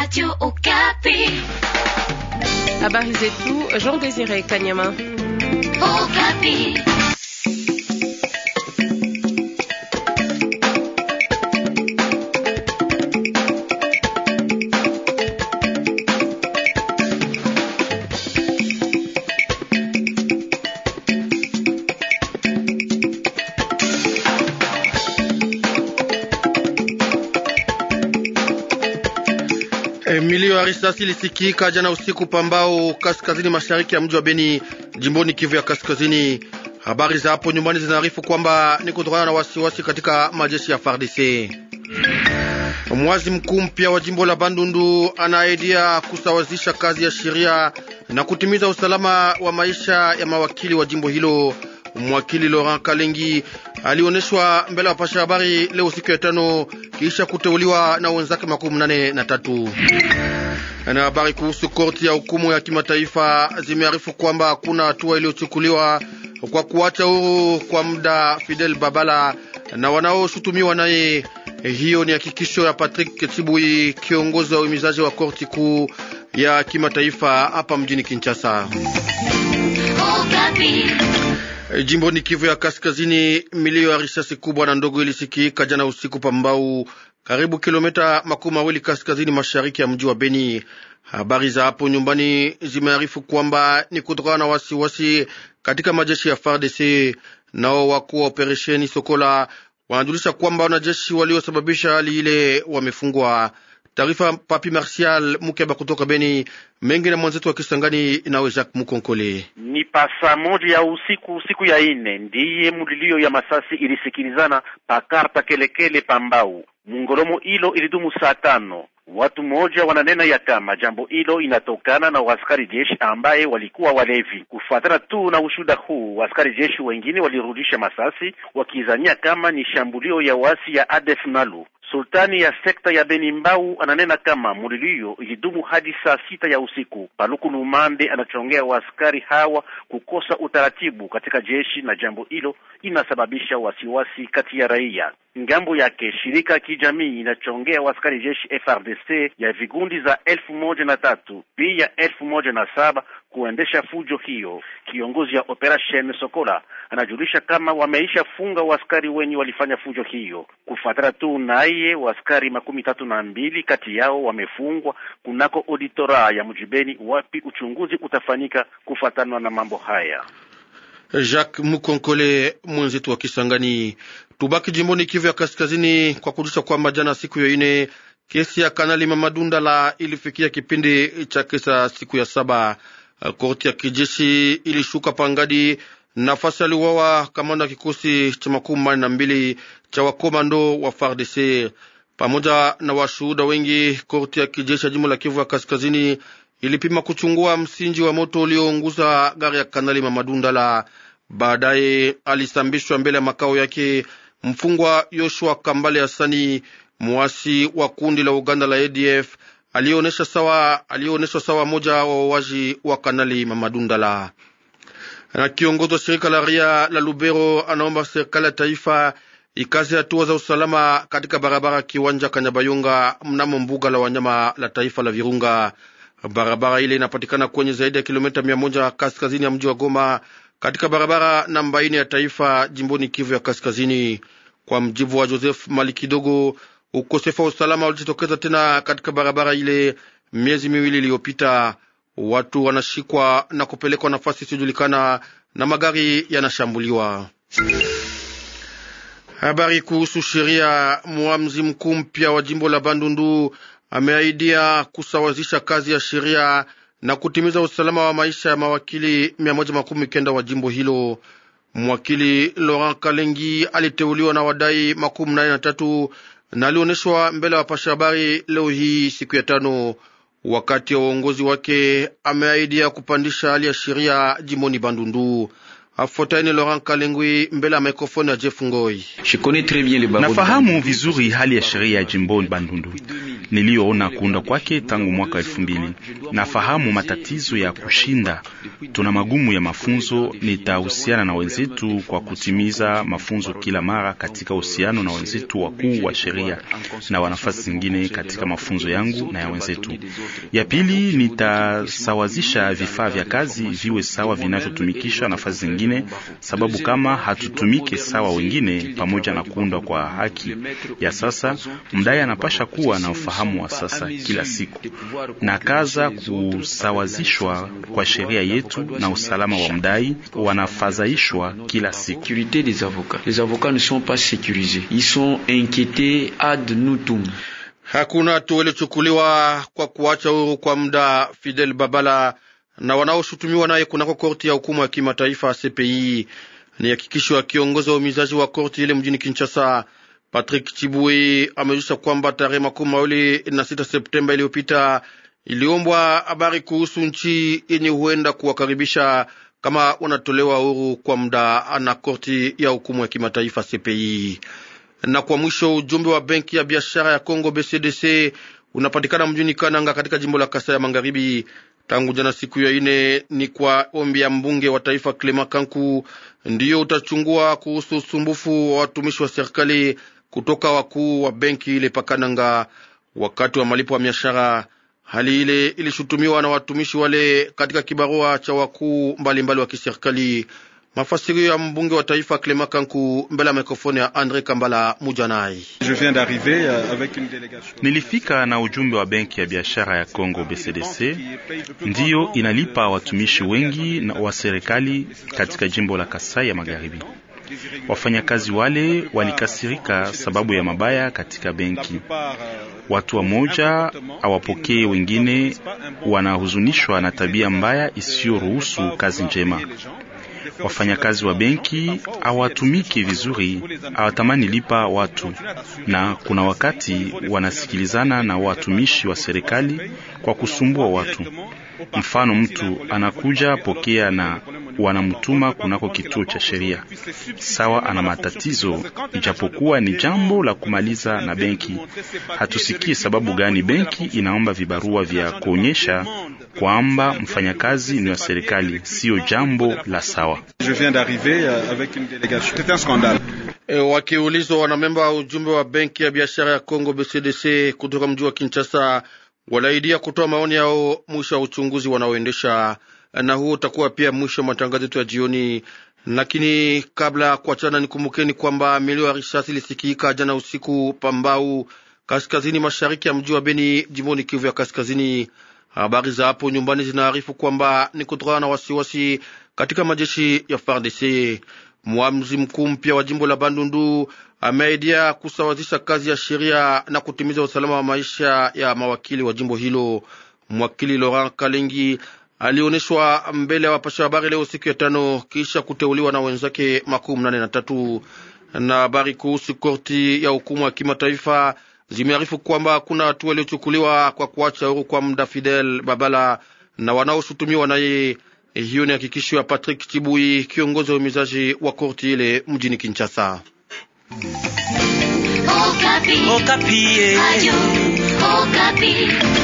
Radio Okapi. Habari zetu Jean Désiré Kanyama. Okapi. Milio ya risasi ilisikika jana usiku pambao kaskazini mashariki ya mji wa Beni jimboni Kivu ya Kaskazini. Habari za hapo nyumbani zinaarifu kwamba ni kutokana na wasiwasi wasi katika majeshi ya FARDC. Mwazi mkuu mpya wa jimbo la Bandundu anaaidia kusawazisha kazi ya sheria na kutimiza usalama wa maisha ya mawakili wa jimbo hilo. Mwakili Laurent Kalengi alioneshwa mbele ya wapasha habari leo siku ya tano kisha kuteuliwa na wenzake makumi nane na tatu. Na habari kuhusu korti ya hukumu ya kimataifa zimearifu kwamba kuna hatua iliyochukuliwa kwa kuacha huru kwa muda Fidel Babala na wanaoshutumiwa naye. Hiyo ni hakikisho ya Patrick Chibui, kiongozi wa uhimizaji wa korti kuu ya kimataifa hapa mjini Kinshasa. Oh, Eh, ni Kivu ya Kaskazini, milio ya risasi kubwa na ndogo ilisikika jana usiku Pambau, karibu kilomita makumi mawili kaskazini mashariki ya mji wa Beni. Habari za hapo nyumbani zimearifu kwamba ni kutokana na wasiwasi katika majeshi ya FARDC. Nao wakuu wa operesheni Sokola wanajulisha kwamba wanajeshi waliosababisha hali ile wamefungwa. Taarifa Papi Martial Mukeba kutoka Beni mengi na mwenzetu wa Kisangani nawe Jacques Mukonkole. Ni pasa moja ya usiku, siku ya ine ndiye mulilio ya masasi ilisikilizana karta kelekele pambau mungolomo, ilo ilidumu saa tano. Watu moja wananena ya kama jambo hilo inatokana na waskari jeshi ambaye walikuwa walevi. Kufuatana tu na ushuda huu, waskari jeshi wengine walirudisha masasi wakizania kama ni shambulio ya wasi ya ADF Nalu. Sultani ya sekta ya Benimbau ananena kama mulilio ilidumu hadi saa sita ya usiku. Paluku Lumande anachongea waaskari hawa kukosa utaratibu katika jeshi, na jambo hilo inasababisha wasiwasi kati ya raia. Ngambo yake shirika ya kijamii inachongea waaskari jeshi FRDC ya vigundi za elfu moja na tatu pia elfu moja na saba kuendesha fujo hiyo. Kiongozi ya operation Sokola anajulisha kama wameisha funga waskari wenye walifanya fujo hiyo. Kufuatana tu naye, waskari makumi tatu na mbili kati yao wamefungwa kunako auditora ya mjibeni, wapi uchunguzi utafanyika kufuatana na mambo haya. Jacques Mukonkole, mwenzetu wa Kisangani. Tubaki jimboni Kivu ya Kaskazini kwa kujusha kwamba jana siku ya ine kesi ya Kanali Mamadunda la ilifikia kipindi cha kesa siku ya saba. Eh, korti ya kijeshi ilishuka pangadi nafasi aliwawa kamanda kikosi cha makumi na mbili cha wakomando wa FARDC pamoja na washuhuda wengi. Korti ya kijeshi ya jimbo la Kivu ya kaskazini ilipima kuchungua msingi wa moto uliounguza gari ya kanali mamadundala Baadaye alisambishwa mbele ya makao yake mfungwa Yoshua Kambale Hasani, muasi wa kundi la Uganda la ADF aliyeonyeshwa sawa, aliyeonyeshwa sawa moja wa wauaji wa kanali Mamadundala. Na kiongozi wa shirika la ria la Lubero anaomba serikali ya taifa ikazi hatua za usalama katika barabara kiwanja Kanyabayonga mnamo mbuga la wanyama la taifa la Virunga. Barabara ile inapatikana kwenye zaidi ya kilomita mia moja kaskazini ya mji wa Goma, katika barabara namba ine ya taifa jimboni Kivu ya Kaskazini. Kwa mjibu wa Joseph Malikidogo, Ukosefu wa usalama ulijitokeza tena katika barabara ile miezi miwili iliyopita. Watu wanashikwa na kupelekwa nafasi isiyojulikana na magari yanashambuliwa. Habari kuhusu sheria. Mwamzi mkuu mpya wa jimbo la Bandundu ameahidia kusawazisha kazi ya sheria na kutimiza usalama wa maisha ya mawakili mia moja makumi kenda wa jimbo hilo. Mwakili Laurent Kalengi aliteuliwa na wadai makumi nane na tatu na alionyeshwa mbele ya wapasha habari leo hii siku ya tano. Wakati ya uongozi wake ameahidia kupandisha hali ya sheria jimboni Bandundu. Afuataini Laurent Kalingwi mbele ya mikrofoni ya Jeff Ngoi. Nafahamu vizuri hali ya sheria ya jimboni Bandundu niliyoona kuunda kwake tangu mwaka elfu mbili. Nafahamu matatizo ya kushinda, tuna magumu ya mafunzo. Nitahusiana na wenzetu kwa kutimiza mafunzo kila mara katika uhusiano na wenzetu wakuu wa sheria na wanafasi zingine katika mafunzo yangu na ya wenzetu. Ya pili, nitasawazisha vifaa vya kazi viwe sawa vinavyotumikisha nafasi zingine wengine, sababu kama hatutumiki sawa wengine, pamoja na kuundwa kwa haki ya sasa, mdai anapasha kuwa na ufahamu wa sasa kila siku na kaza kusawazishwa kwa sheria yetu na usalama wa mdai wanafadhaishwa kila siku. Hakuna hatua kwa kuacha huru kwa muda Fidel Babala na wanaoshutumiwa naye kunako korti ya hukumu ya kimataifa CPI. Ni hakikisho ya kiongozi wa umizaji wa korti ile mjini Kinshasa, Patrick Chibwe, amejusha kwamba tarehe makumi mawili na sita Septemba iliyopita iliombwa habari kuhusu nchi yenye huenda kuwakaribisha kama wanatolewa huru kwa muda na korti ya hukumu ya kimataifa CPI. Na kwa mwisho, ujumbe wa benki ya biashara ya congo BCDC unapatikana mjini Kananga katika jimbo la Kasai ya Magharibi tangu jana siku ya ine. Ni kwa ombi ya mbunge wa taifa Clement Kanku ndiyo utachungua kuhusu usumbufu wa watumishi wa serikali kutoka wakuu wa benki ile pakananga wakati wa malipo ya biashara. Hali ile ilishutumiwa na watumishi wale katika kibarua cha wakuu mbalimbali wa kiserikali. Mafasirio ya mbunge wa taifa Clement Kanku mbele ya mikrofoni ya Andre Kambala Mujanai. Euh, Nilifika na ujumbe wa benki ya biashara ya congo BCDC, ndiyo inalipa watumishi wengi na wa serikali katika jimbo la Kasai ya Magharibi. Wafanyakazi wale walikasirika sababu ya mabaya katika benki. Watu wa moja hawapokee wengine, wanahuzunishwa na tabia mbaya isiyoruhusu kazi njema wafanyakazi wa benki hawatumiki vizuri, hawatamani lipa watu, na kuna wakati wanasikilizana na watumishi wa serikali kwa kusumbua watu. Mfano, mtu anakuja pokea na wanamtuma kunako kituo cha sheria, sawa ana matatizo, ijapokuwa ni jambo la kumaliza na benki. Hatusikii sababu gani benki inaomba vibarua vya kuonyesha kwamba mfanyakazi ni wa serikali. Siyo jambo la sawa dawa. Euh, C'est un scandale. E, wakiulizwa wanamemba wa ujumbe wa benki ya biashara ya congo BCDC kutoka mji wa Kinshasa walaidia kutoa maoni yao mwisho wa uchunguzi wanaoendesha, na huo utakuwa pia mwisho wa matangazo yetu ya jioni. Lakini kabla ya kuachana, nikumbukeni kwamba milio ya risasi ilisikika jana usiku Pambau, kaskazini mashariki ya mji wa Beni, jimboni Kivu ya kaskazini. Habari za hapo nyumbani zinaarifu kwamba ni kutokana na wasiwasi katika majeshi ya FARDC. Mwamzi mkuu mpya wa jimbo la Bandundu ameaidia kusawazisha kazi ya sheria na kutimiza usalama wa maisha ya mawakili wa jimbo hilo. Mwakili Laurent kalingi alioneshwa mbele ya wapasha habari leo siku ya tano kisha kuteuliwa na wenzake makumi mnane na tatu na habari kuhusu korti ya hukumu ya kimataifa zimearifu kwamba hakuna hatua waliochukuliwa kwa kuacha huru kwa muda Fidel Babala na wanaoshutumiwa naye. Hiyo ni hakikisho ya Patrick Chibui, kiongozi wa umizaji wa korti ile mjini Kinshasa. Okapi. Okapi. Eh.